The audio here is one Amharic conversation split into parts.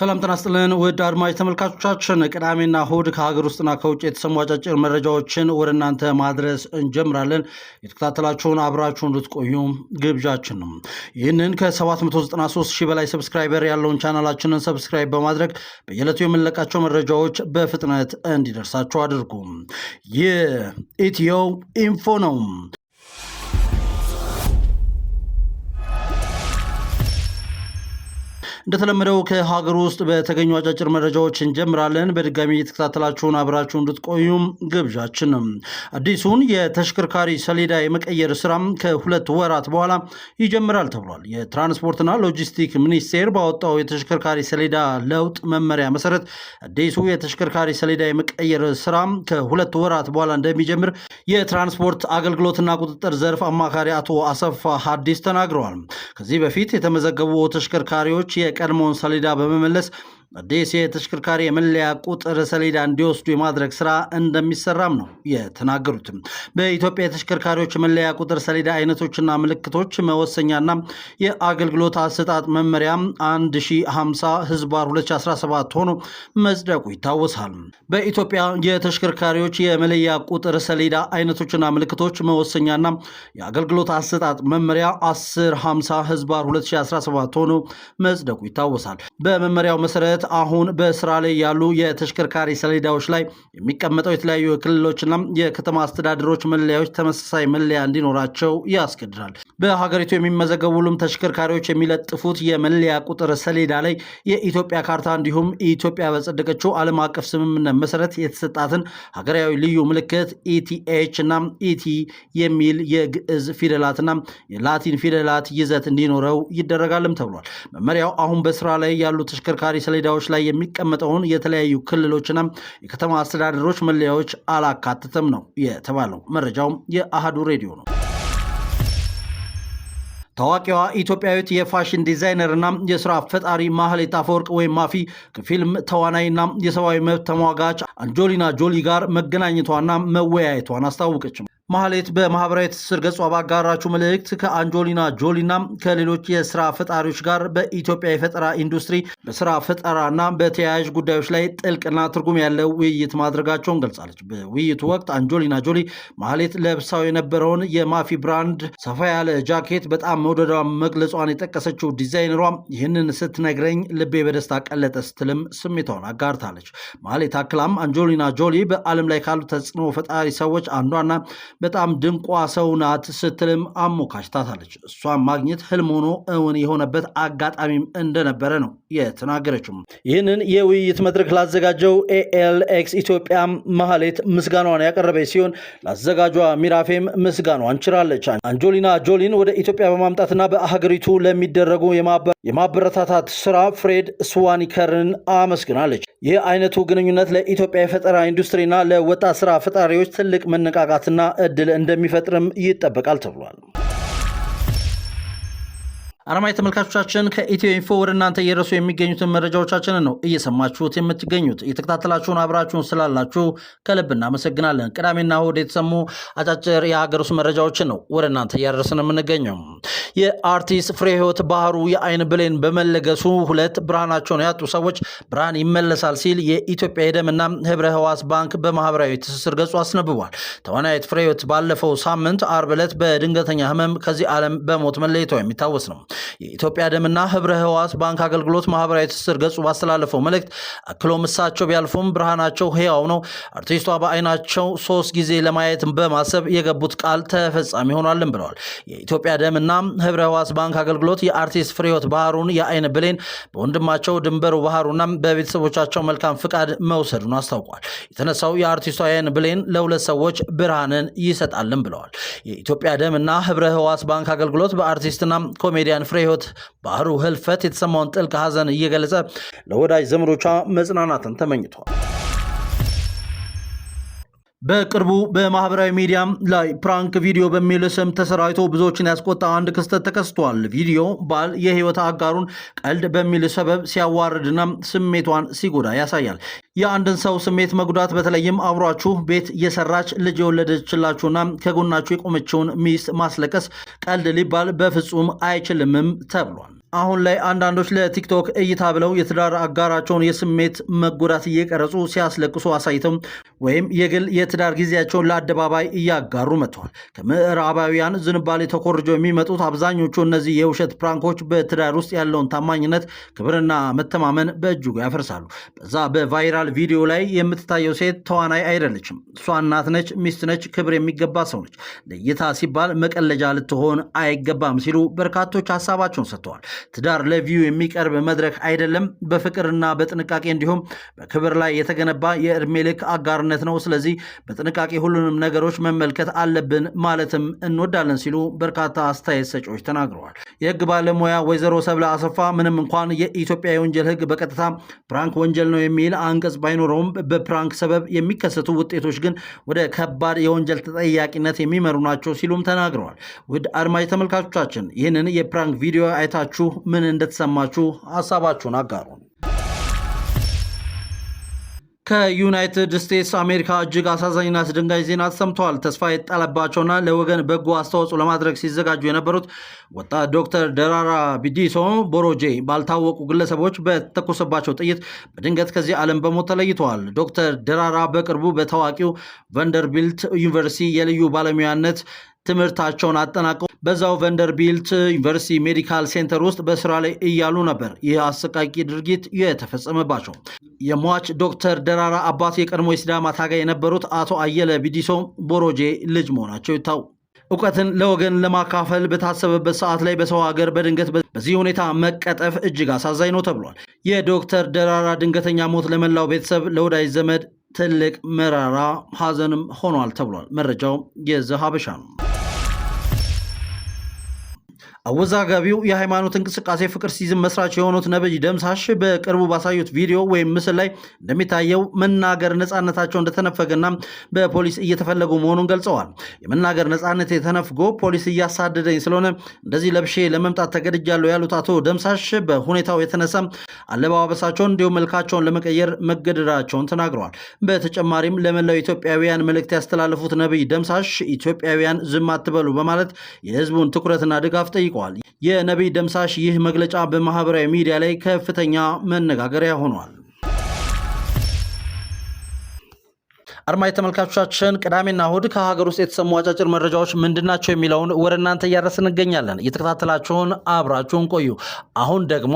ሰላም ጤና ይስጥልን ውድ አድማጭ ተመልካቾቻችን፣ ቅዳሜና እሁድ ከሀገር ውስጥና ከውጭ የተሰሙ አጫጭር መረጃዎችን ወደ እናንተ ማድረስ እንጀምራለን። የተከታተላችሁን አብራችሁን ልትቆዩ ግብዣችን ነው። ይህንን ከ793 ሺህ በላይ ሰብስክራይበር ያለውን ቻናላችንን ሰብስክራይብ በማድረግ በየዕለቱ የምንለቃቸው መረጃዎች በፍጥነት እንዲደርሳችሁ አድርጉ። ይህ ኢትዮ ኢንፎ ነው። እንደተለመደው ከሀገር ውስጥ በተገኙ አጫጭር መረጃዎች እንጀምራለን። በድጋሚ እየተከታተላችሁን አብራችሁ እንድትቆዩም ግብዣችን አዲሱን የተሽከርካሪ ሰሌዳ የመቀየር ስራ ከሁለት ወራት በኋላ ይጀምራል ተብሏል። የትራንስፖርትና ሎጂስቲክ ሚኒስቴር ባወጣው የተሽከርካሪ ሰሌዳ ለውጥ መመሪያ መሰረት አዲሱ የተሽከርካሪ ሰሌዳ የመቀየር ስራ ከሁለት ወራት በኋላ እንደሚጀምር የትራንስፖርት አገልግሎትና ቁጥጥር ዘርፍ አማካሪ አቶ አሰፋ ሀዲስ ተናግረዋል። ከዚህ በፊት የተመዘገቡ ተሽከርካሪዎች የቀድሞውን ሰሌዳ በመመለስ አዲስ የተሽከርካሪ የመለያ ቁጥር ሰሌዳ እንዲወስዱ የማድረግ ስራ እንደሚሰራም ነው የተናገሩትም። በኢትዮጵያ የተሽከርካሪዎች መለያ ቁጥር ሰሌዳ አይነቶችና ምልክቶች መወሰኛና የአገልግሎት አሰጣጥ መመሪያ 1050 ህዝባር 2017 ሆኖ መጽደቁ ይታወሳል። በኢትዮጵያ የተሽከርካሪዎች የመለያ ቁጥር ሰሌዳ አይነቶችና ምልክቶች መወሰኛና የአገልግሎት አሰጣጥ መመሪያ 1050 ህዝባር 2017 ሆኖ መጽደቁ ይታወሳል። በመመሪያው መሰረት ማለት አሁን በስራ ላይ ያሉ የተሽከርካሪ ሰሌዳዎች ላይ የሚቀመጠው የተለያዩ የክልሎችና የከተማ አስተዳደሮች መለያዎች ተመሳሳይ መለያ እንዲኖራቸው ያስገድዳል። በሀገሪቱ የሚመዘገቡ ሁሉም ተሽከርካሪዎች የሚለጥፉት የመለያ ቁጥር ሰሌዳ ላይ የኢትዮጵያ ካርታ እንዲሁም ኢትዮጵያ በጸደቀችው ዓለም አቀፍ ስምምነት መሰረት የተሰጣትን ሀገራዊ ልዩ ምልክት ኢቲኤች እና ኢቲ የሚል የግዕዝ ፊደላትና የላቲን ፊደላት ይዘት እንዲኖረው ይደረጋልም ተብሏል። መመሪያው አሁን በስራ ላይ ያሉ ተሽከርካሪ ሰሌዳ ሰሌዳዎች ላይ የሚቀመጠውን የተለያዩ ክልሎችና የከተማ አስተዳደሮች መለያዎች አላካተተም ነው የተባለው። መረጃውም የአሃዱ ሬዲዮ ነው። ታዋቂዋ ኢትዮጵያዊት የፋሽን ዲዛይነርና የስራ ፈጣሪ ማህሌት አፈወርቅ ወይም ማፊ ከፊልም ተዋናይና የሰብአዊ መብት ተሟጋች አንጆሊና ጆሊ ጋር መገናኘቷና መወያየቷን አስታወቀችም። ማህሌት በማህበራዊ ትስስር ገጿ ባጋራችው መልእክት ከአንጆሊና ጆሊና ከሌሎች የስራ ፈጣሪዎች ጋር በኢትዮጵያ የፈጠራ ኢንዱስትሪ በስራ ፈጠራና በተያያዥ ጉዳዮች ላይ ጥልቅና ትርጉም ያለው ውይይት ማድረጋቸውን ገልጻለች። በውይይቱ ወቅት አንጆሊና ጆሊ ማህሌት ለብሳው የነበረውን የማፊ ብራንድ ሰፋ ያለ ጃኬት በጣም መውደዷን መግለጿን የጠቀሰችው ዲዛይነሯ ይህንን ስትነግረኝ ልቤ በደስታ ቀለጠ ስትልም ስሜታውን አጋርታለች። ማህሌት አክላም አንጆሊና ጆሊ በዓለም ላይ ካሉ ተጽዕኖ ፈጣሪ ሰዎች አንዷና በጣም ድንቋ ሰው ናት ስትልም አሞካሽታታለች። እሷን ማግኘት ህልም ሆኖ እውን የሆነበት አጋጣሚም እንደነበረ ነው የተናገረችው። ይህንን የውይይት መድረክ ላዘጋጀው ኤኤልኤክስ ኢትዮጵያ መሀሌት ምስጋናዋን ያቀረበች ሲሆን ላዘጋጇ ሚራፌም ምስጋናዋን ችራለች። አንጆሊና ጆሊን ወደ ኢትዮጵያ በማምጣትና በሀገሪቱ ለሚደረጉ የማበረታታት ስራ ፍሬድ ስዋኒከርን አመስግናለች። ይህ አይነቱ ግንኙነት ለኢትዮጵያ የፈጠራ ኢንዱስትሪና ለወጣት ስራ ፈጣሪዎች ትልቅ መነቃቃትና እድል እንደሚፈጥርም ይጠበቃል ተብሏል። አረማዊ ተመልካቾቻችን ከኢትዮ ኢንፎ ወደ እናንተ እየደረሱ የሚገኙትን መረጃዎቻችንን ነው እየሰማችሁት የምትገኙት። እየተከታተላችሁን አብራችሁን ስላላችሁ ከልብ እናመሰግናለን። ቅዳሜና እሁድ የተሰሙ አጫጭር የሀገር ውስጥ መረጃዎችን ነው ወደ እናንተ እያደረስን የምንገኘው። የአርቲስት ፍሬህይወት ባህሩ የአይን ብሌን በመለገሱ ሁለት ብርሃናቸውን ያጡ ሰዎች ብርሃን ይመለሳል ሲል የኢትዮጵያ የደምና ህብረ ህዋስ ባንክ በማህበራዊ ትስስር ገጹ አስነብቧል። ተዋናይት ፍሬህይወት ባለፈው ሳምንት አርብ ዕለት በድንገተኛ ህመም ከዚህ ዓለም በሞት መለየቷ የሚታወስ ነው። የኢትዮጵያ ደምና ህብረ ህዋስ ባንክ አገልግሎት ማህበራዊ ትስስር ገጹ ባስተላለፈው መልእክት አክሎ ምሳቸው ቢያልፉም ብርሃናቸው ህያው ነው። አርቲስቷ በአይናቸው ሶስት ጊዜ ለማየት በማሰብ የገቡት ቃል ተፈጻሚ ሆኗልን ብለዋል። የኢትዮጵያ ደምና ህብረ ህዋስ ባንክ አገልግሎት የአርቲስት ፍሬህይወት ባህሩን የአይን ብሌን በወንድማቸው ድንበሩ ባህሩና በቤተሰቦቻቸው መልካም ፍቃድ መውሰዱን አስታውቋል። የተነሳው የአርቲስቷ የአይን ብሌን ለሁለት ሰዎች ብርሃንን ይሰጣልን ብለዋል። የኢትዮጵያ ደምና ህብረ ህዋስ ባንክ አገልግሎት በአርቲስትና ኮሜዲያን ፍሬ ሕይወት ባህሩ ህልፈት የተሰማውን ጥልቅ ሐዘን እየገለጸ ለወዳጅ ዘመዶቿ መጽናናትን ተመኝቷል። በቅርቡ በማህበራዊ ሚዲያ ላይ ፕራንክ ቪዲዮ በሚል ስም ተሰራጭቶ ብዙዎችን ያስቆጣ አንድ ክስተት ተከስቷል። ቪዲዮ ባል የህይወት አጋሩን ቀልድ በሚል ሰበብ ሲያዋርድና ስሜቷን ሲጎዳ ያሳያል። የአንድን ሰው ስሜት መጉዳት በተለይም አብሯችሁ ቤት የሰራች ልጅ የወለደችላችሁና ከጎናችሁ የቆመችውን ሚስት ማስለቀስ ቀልድ ሊባል በፍጹም አይችልምም ተብሏል። አሁን ላይ አንዳንዶች ለቲክቶክ እይታ ብለው የትዳር አጋራቸውን የስሜት መጎዳት እየቀረጹ ሲያስለቅሱ አሳይተው ወይም የግል የትዳር ጊዜያቸውን ለአደባባይ እያጋሩ መጥተዋል። ከምዕራባውያን ዝንባሌ ተኮርጀው የሚመጡት አብዛኞቹ እነዚህ የውሸት ፕራንኮች በትዳር ውስጥ ያለውን ታማኝነት፣ ክብርና መተማመን በእጅጉ ያፈርሳሉ። በዛ በቫይራል ቪዲዮ ላይ የምትታየው ሴት ተዋናይ አይደለችም። እሷ እናት ነች፣ ሚስት ነች፣ ክብር የሚገባ ሰው ነች። ለእይታ ሲባል መቀለጃ ልትሆን አይገባም ሲሉ በርካቶች ሀሳባቸውን ሰጥተዋል። ትዳር ለቪው የሚቀርብ መድረክ አይደለም። በፍቅርና በጥንቃቄ እንዲሁም በክብር ላይ የተገነባ የእድሜ ልክ አጋርነት ነው። ስለዚህ በጥንቃቄ ሁሉንም ነገሮች መመልከት አለብን ማለትም እንወዳለን ሲሉ በርካታ አስተያየት ሰጪዎች ተናግረዋል። የህግ ባለሙያ ወይዘሮ ሰብለ አሰፋ ምንም እንኳን የኢትዮጵያ የወንጀል ህግ በቀጥታ ፕራንክ ወንጀል ነው የሚል አንቀጽ ባይኖረውም በፕራንክ ሰበብ የሚከሰቱ ውጤቶች ግን ወደ ከባድ የወንጀል ተጠያቂነት የሚመሩ ናቸው ሲሉም ተናግረዋል። ውድ አድማጭ ተመልካቾቻችን ይህንን የፕራንክ ቪዲዮ አይታችሁ ምን እንደተሰማችሁ ሀሳባችሁን አጋሩን። ከዩናይትድ ስቴትስ አሜሪካ እጅግ አሳዛኝና አስደንጋጭ ዜና ተሰምተዋል። ተስፋ የተጣለባቸውና ለወገን በጎ አስተዋጽኦ ለማድረግ ሲዘጋጁ የነበሩት ወጣት ዶክተር ደራራ ቢዲሶ ቦሮጄ ባልታወቁ ግለሰቦች በተተኮሰባቸው ጥይት በድንገት ከዚህ ዓለም በሞት ተለይተዋል። ዶክተር ደራራ በቅርቡ በታዋቂው ቨንደርቢልት ዩኒቨርሲቲ የልዩ ባለሙያነት ትምህርታቸውን አጠናቀው በዛው ቨንደርቢልት ዩኒቨርሲቲ ሜዲካል ሴንተር ውስጥ በስራ ላይ እያሉ ነበር ይህ አሰቃቂ ድርጊት የተፈጸመባቸው። የሟች ዶክተር ደራራ አባት የቀድሞ የሲዳማ ታጋይ የነበሩት አቶ አየለ ቢዲሶ ቦሮጄ ልጅ መሆናቸው ይታው እውቀትን ለወገን ለማካፈል በታሰበበት ሰዓት ላይ በሰው ሀገር በድንገት በዚህ ሁኔታ መቀጠፍ እጅግ አሳዛኝ ነው ተብሏል። የዶክተር ደራራ ድንገተኛ ሞት ለመላው ቤተሰብ፣ ለወዳጅ ዘመድ ትልቅ መራራ ሀዘንም ሆኗል ተብሏል። መረጃው የዘ ሀበሻ ነው። አወዛጋቢው የሃይማኖት እንቅስቃሴ ፍቅር ሲዝም መስራች የሆኑት ነብይ ደምሳሽ በቅርቡ ባሳዩት ቪዲዮ ወይም ምስል ላይ እንደሚታየው መናገር ነፃነታቸው እንደተነፈገና በፖሊስ እየተፈለጉ መሆኑን ገልጸዋል። የመናገር ነፃነት የተነፍጎ ፖሊስ እያሳደደኝ ስለሆነ እንደዚህ ለብሼ ለመምጣት ተገድጃለሁ ያሉት አቶ ደምሳሽ በሁኔታው የተነሳ አለባበሳቸውን እንዲሁም መልካቸውን ለመቀየር መገደዳቸውን ተናግረዋል። በተጨማሪም ለመላው ኢትዮጵያውያን መልእክት ያስተላለፉት ነብይ ደምሳሽ ኢትዮጵያውያን ዝም አትበሉ በማለት የህዝቡን ትኩረትና ድጋፍ ጠይቋል። አስታውቋል። የነቢይ ደምሳሽ ይህ መግለጫ በማህበራዊ ሚዲያ ላይ ከፍተኛ መነጋገሪያ ሆኗል። አድማጭ ተመልካቾቻችን ቅዳሜና እሁድ ከሀገር ውስጥ የተሰሙ አጫጭር መረጃዎች ምንድናቸው የሚለውን ወደ እናንተ እያደረስን እንገኛለን። እየተከታተላችሁን አብራችሁን ቆዩ። አሁን ደግሞ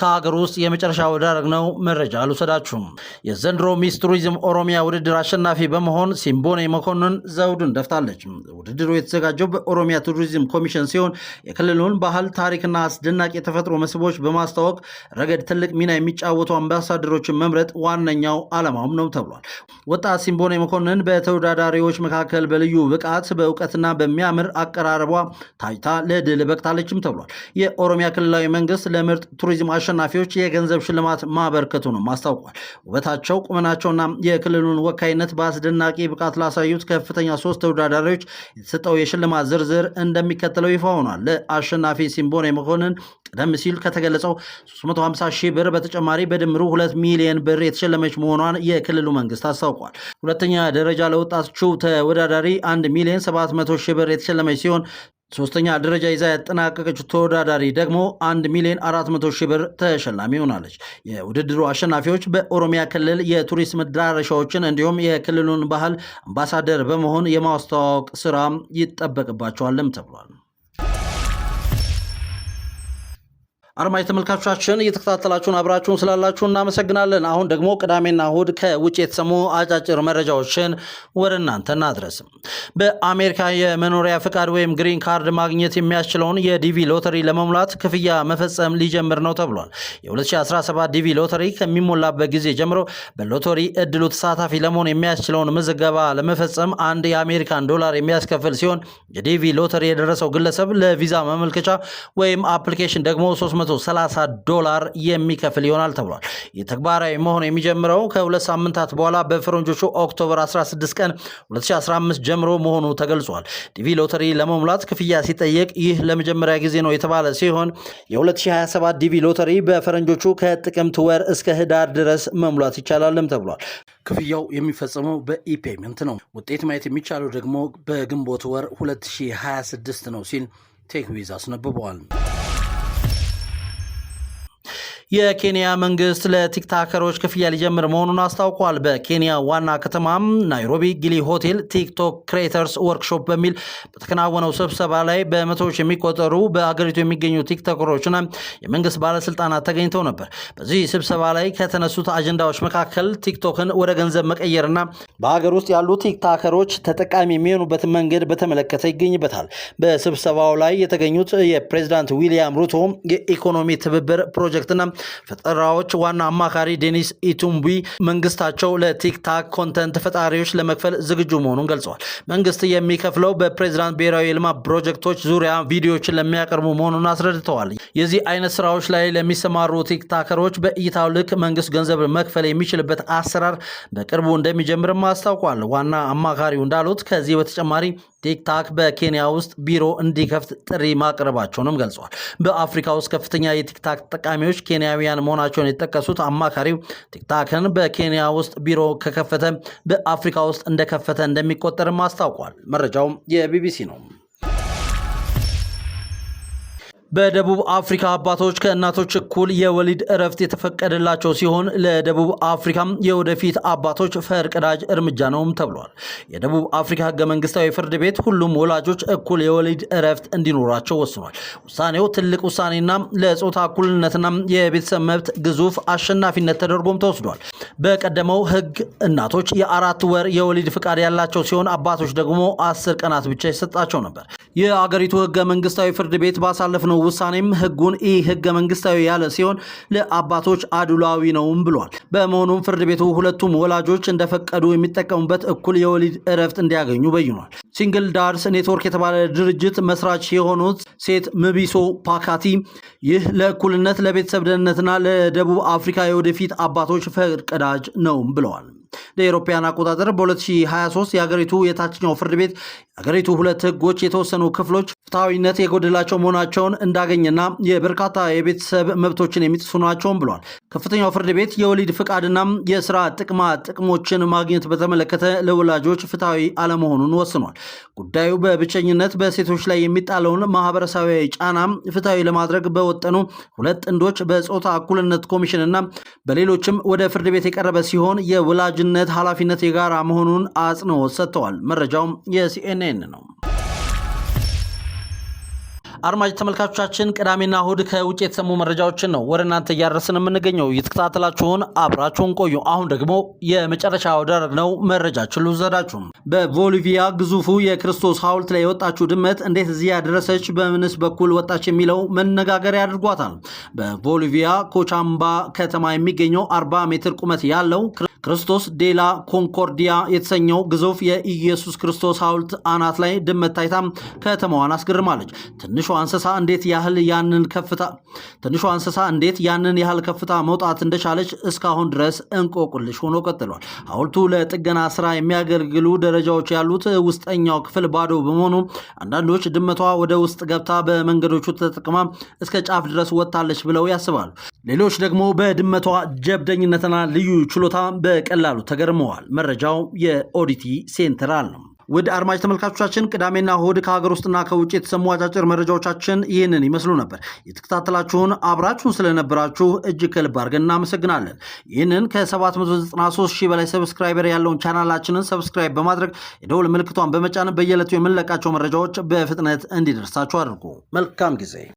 ከሀገር ውስጥ የመጨረሻ ወዳረግነው መረጃ አልውሰዳችሁም። የዘንድሮ ሚስ ቱሪዝም ኦሮሚያ ውድድር አሸናፊ በመሆን ሲምቦኔ መኮንን ዘውዱን ደፍታለች። ውድድሩ የተዘጋጀው በኦሮሚያ ቱሪዝም ኮሚሽን ሲሆን የክልሉን ባህል፣ ታሪክና አስደናቂ የተፈጥሮ መስህቦች በማስተዋወቅ ረገድ ትልቅ ሚና የሚጫወቱ አምባሳደሮችን መምረጥ ዋነኛው ዓላማውም ነው ተብሏል። ወጣት ሲምቦኔ መኮንን በተወዳዳሪዎች መካከል በልዩ ብቃት በእውቀትና በሚያምር አቀራረቧ ታይታ ለድል በቅታለችም ተብሏል። የኦሮሚያ ክልላዊ መንግስት ለምርጥ ቱሪዝም አሸናፊዎች የገንዘብ ሽልማት ነው አስታውቋል። ውበታቸው፣ ቁመናቸውና የክልሉን ወካይነት በአስደናቂ ብቃት ላሳዩት ከፍተኛ ሶስት ተወዳዳሪዎች የተሰጠው የሽልማት ዝርዝር እንደሚከተለው ይፋ ሆኗል። ለአሸናፊ ሲምቦኔ መኮንን ቀደም ሲል ከተገለጸው 350 ሺህ ብር በተጨማሪ በድምሩ 2 ሚሊዮን ብር የተሸለመች መሆኗን የክልሉ መንግስት አስታውቋል። ሁለተኛ ደረጃ ለወጣችው ተወዳዳሪ 1 ሚሊዮን 700 ሺህ ብር የተሸለመች ሲሆን ሶስተኛ ደረጃ ይዛ ያጠናቀቀችው ተወዳዳሪ ደግሞ 1 ሚሊዮን 400 ሺህ ብር ተሸላሚ ሆናለች። የውድድሩ አሸናፊዎች በኦሮሚያ ክልል የቱሪስት መዳረሻዎችን እንዲሁም የክልሉን ባህል አምባሳደር በመሆን የማስተዋወቅ ስራ ይጠበቅባቸዋልም ተብሏል። አርማጅ ተመልካቾቻችን እየተከታተላችሁን አብራችሁን ስላላችሁ እናመሰግናለን። አሁን ደግሞ ቅዳሜና እሁድ ከውጭ የተሰሙ አጫጭር መረጃዎችን ወደ እናንተ እናድረስም። በአሜሪካ የመኖሪያ ፍቃድ ወይም ግሪን ካርድ ማግኘት የሚያስችለውን የዲቪ ሎተሪ ለመሙላት ክፍያ መፈጸም ሊጀምር ነው ተብሏል። የ2017 ዲቪ ሎተሪ ከሚሞላበት ጊዜ ጀምሮ በሎተሪ እድሉ ተሳታፊ ለመሆን የሚያስችለውን ምዝገባ ለመፈጸም አንድ የአሜሪካን ዶላር የሚያስከፍል ሲሆን የዲቪ ሎተሪ የደረሰው ግለሰብ ለቪዛ መመልከቻ ወይም አፕሊኬሽን ደግሞ 430 ዶላር የሚከፍል ይሆናል ተብሏል። የተግባራዊ መሆን የሚጀምረው ከሁለት ሳምንታት በኋላ በፈረንጆቹ ኦክቶበር 16 ቀን 2015 ጀምሮ መሆኑ ተገልጿል። ዲቪ ሎተሪ ለመሙላት ክፍያ ሲጠየቅ ይህ ለመጀመሪያ ጊዜ ነው የተባለ ሲሆን የ2027 ዲቪ ሎተሪ በፈረንጆቹ ከጥቅምት ወር እስከ ህዳር ድረስ መሙላት ይቻላልም ተብሏል። ክፍያው የሚፈጸመው በኢፔመንት ነው። ውጤት ማየት የሚቻለው ደግሞ በግንቦት ወር 2026 ነው ሲል ቴክዊዝ አስነብበዋል። የኬንያ መንግስት ለቲክታከሮች ክፍያ ሊጀምር መሆኑን አስታውቋል። በኬንያ ዋና ከተማም ናይሮቢ ጊሊ ሆቴል ቲክቶክ ክሬተርስ ወርክሾፕ በሚል በተከናወነው ስብሰባ ላይ በመቶዎች የሚቆጠሩ በአገሪቱ የሚገኙ ቲክቶከሮችና የመንግስት ባለስልጣናት ተገኝተው ነበር። በዚህ ስብሰባ ላይ ከተነሱት አጀንዳዎች መካከል ቲክቶክን ወደ ገንዘብ መቀየርና በሀገር ውስጥ ያሉ ቲክታከሮች ተጠቃሚ የሚሆኑበትን መንገድ በተመለከተ ይገኝበታል። በስብሰባው ላይ የተገኙት የፕሬዚዳንት ዊሊያም ሩቶ የኢኮኖሚ ትብብር ፕሮጀክትና ፈጠራዎች ዋና አማካሪ ዴኒስ ኢቱምቢ መንግስታቸው ለቲክታክ ኮንተንት ፈጣሪዎች ለመክፈል ዝግጁ መሆኑን ገልጸዋል። መንግስት የሚከፍለው በፕሬዚዳንት ብሔራዊ የልማት ፕሮጀክቶች ዙሪያ ቪዲዮዎችን ለሚያቀርቡ መሆኑን አስረድተዋል። የዚህ አይነት ስራዎች ላይ ለሚሰማሩ ቲክታከሮች በእይታው ልክ መንግስት ገንዘብ መክፈል የሚችልበት አሰራር በቅርቡ እንደሚጀምርም አስታውቋል። ዋና አማካሪው እንዳሉት ከዚህ በተጨማሪ ቲክታክ በኬንያ ውስጥ ቢሮ እንዲከፍት ጥሪ ማቅረባቸውንም ገልጸዋል። በአፍሪካ ውስጥ ከፍተኛ የቲክታክ ተጠቃሚዎች ኬንያውያን መሆናቸውን የጠቀሱት አማካሪው ቲክታክን በኬንያ ውስጥ ቢሮ ከከፈተ በአፍሪካ ውስጥ እንደከፈተ እንደሚቆጠርም አስታውቋል። መረጃውም የቢቢሲ ነው። በደቡብ አፍሪካ አባቶች ከእናቶች እኩል የወሊድ እረፍት የተፈቀደላቸው ሲሆን ለደቡብ አፍሪካም የወደፊት አባቶች ፈርቀዳጅ እርምጃ ነውም ተብሏል። የደቡብ አፍሪካ ህገ መንግስታዊ ፍርድ ቤት ሁሉም ወላጆች እኩል የወሊድ እረፍት እንዲኖራቸው ወስኗል። ውሳኔው ትልቅ ውሳኔና ለጾታ እኩልነትና የቤተሰብ መብት ግዙፍ አሸናፊነት ተደርጎም ተወስዷል። በቀደመው ህግ እናቶች የአራት ወር የወሊድ ፍቃድ ያላቸው ሲሆን አባቶች ደግሞ አስር ቀናት ብቻ ይሰጣቸው ነበር። የአገሪቱ ህገ መንግስታዊ ፍርድ ቤት ባሳለፍነው ውሳኔም ህጉን ይህ ህገ መንግስታዊ ያለ ሲሆን ለአባቶች አድሏዊ ነውም ብሏል። በመሆኑም ፍርድ ቤቱ ሁለቱም ወላጆች እንደፈቀዱ የሚጠቀሙበት እኩል የወሊድ እረፍት እንዲያገኙ በይኗል። ሲንግል ዳርስ ኔትወርክ የተባለ ድርጅት መስራች የሆኑት ሴት ምቢሶ ፓካቲ ይህ ለእኩልነት ለቤተሰብ ደህንነትና ለደቡብ አፍሪካ የወደፊት አባቶች ፈቀዳጅ ቀዳጅ ነውም ብለዋል። ለአውሮፓውያን አቆጣጠር በ2023 የሀገሪቱ የታችኛው ፍርድ ቤት የሀገሪቱ ሁለት ህጎች የተወሰኑ ክፍሎች ፍትሐዊነት የጎደላቸው መሆናቸውን እንዳገኘና የበርካታ የቤተሰብ መብቶችን የሚጥሱ ናቸውም ብሏል። ከፍተኛው ፍርድ ቤት የወሊድ ፍቃድና የስራ ጥቅማ ጥቅሞችን ማግኘት በተመለከተ ለወላጆች ፍትሐዊ አለመሆኑን ወስኗል። ጉዳዩ በብቸኝነት በሴቶች ላይ የሚጣለውን ማህበረሰባዊ ጫና ፍትሐዊ ለማድረግ በወጠኑ ሁለት ጥንዶች በጾታ እኩልነት ኮሚሽንና በሌሎችም ወደ ፍርድ ቤት የቀረበ ሲሆን የወላጅ ወዳጅነት ኃላፊነት የጋራ መሆኑን አጽንኦት ሰጥተዋል። መረጃውም የሲኤንኤን ነው። አድማጭ ተመልካቾቻችን ቅዳሜና እሁድ ከውጭ የተሰሙ መረጃዎችን ነው ወደ እናንተ እያደረስን የምንገኘው። እየተከታተላችሁን አብራችሁን ቆዩ። አሁን ደግሞ የመጨረሻ ወዳረግነው መረጃችን ልውሰዳችሁ። በቦሊቪያ ግዙፉ የክርስቶስ ሐውልት ላይ የወጣችው ድመት እንዴት እዚህ ያደረሰች፣ በምንስ በኩል ወጣች የሚለው መነጋገሪያ አድርጓታል። በቦሊቪያ ኮቻምባ ከተማ የሚገኘው 40 ሜትር ቁመት ያለው ክርስቶስ ዴላ ኮንኮርዲያ የተሰኘው ግዙፍ የኢየሱስ ክርስቶስ ሐውልት አናት ላይ ድመት ታይታ ከተማዋን አስገርማለች። ትንሿ እንስሳ እንዴት ያህል ያንን ከፍታ ትንሿ እንስሳ እንዴት ያንን ያህል ከፍታ መውጣት እንደቻለች እስካሁን ድረስ እንቆቅልሽ ሆኖ ቀጥሏል። ሐውልቱ ለጥገና ስራ የሚያገልግሉ ደረጃዎች ያሉት ውስጠኛው ክፍል ባዶ በመሆኑ አንዳንዶች ድመቷ ወደ ውስጥ ገብታ በመንገዶቹ ተጠቅማ እስከ ጫፍ ድረስ ወጥታለች ብለው ያስባሉ። ሌሎች ደግሞ በድመቷ ጀብደኝነትና ልዩ ችሎታ በቀላሉ ተገርመዋል። መረጃው የኦዲቲ ሴንትራል ነው። ውድ አድማጭ ተመልካቾቻችን ቅዳሜና እሁድ ከሀገር ውስጥና ከውጭ የተሰሙ አጫጭር መረጃዎቻችን ይህንን ይመስሉ ነበር። የተከታተላችሁን አብራችሁን ስለነበራችሁ እጅግ ከልብ አድርገን እናመሰግናለን። ይህንን ከ793 ሺህ በላይ ሰብስክራይበር ያለውን ቻናላችንን ሰብስክራይብ በማድረግ የደውል ምልክቷን በመጫን በየዕለቱ የምንለቃቸው መረጃዎች በፍጥነት እንዲደርሳችሁ አድርጉ። መልካም ጊዜ